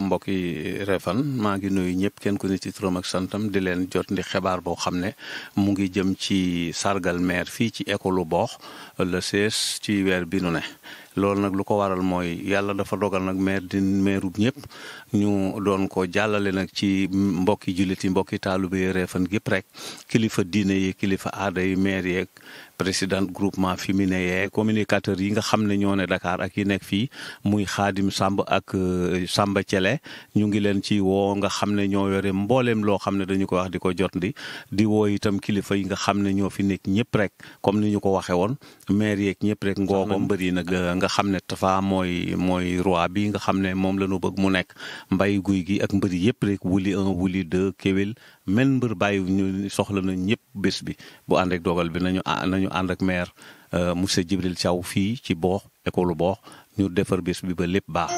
mbokk mbokk yi Refane maa ngi nuyu ñëpp kenn ku ne ci turam ak santam di leen jot ndi xibaar boo xam ne mu ngi jëm ci sargal maire fii ci école boox le 16 ci weer bi nu ne. loolu nag lu ko waral mooy yàlla dafa dogal nag maire di mairub ñëpp ñu doon ko jàllale nag ci mbokki jullit yi mbokki taalube yi Refane gépp rek kilifa diine yi kilifa aada yi maire yeeg président groupement féminin yeeg communicateurs yi nga xam ne ñoo ne Dakar ak yi nekk fii muy Xaadim sàmb ak euh, Samba Thiele ñu ngi leen ci woo nga xam ne ñoo yore mbooleem loo xam ne dañu ko wax di ko jot ndi di woo itam kilifa yi nga xam ne ñoo fi nekk ñëpp rek comme ni ñu ko waxee woon maire yeeg ñëpp nga xam ne Tapha mooy mooy roi bi nga xam ne moom la ñu bëgg mu nekk mbay guy gi ak mbër yëpp rek wuli en wuli deux kéwél men mbër bàyyi ñu soxla nañ ñëpp bés bi bu ànd ak dogal bi nañu nañu ànd ak maire euh, monsieur Djibril Thiaw fii ci boox école boox ñu defar bés bi ba lépp baax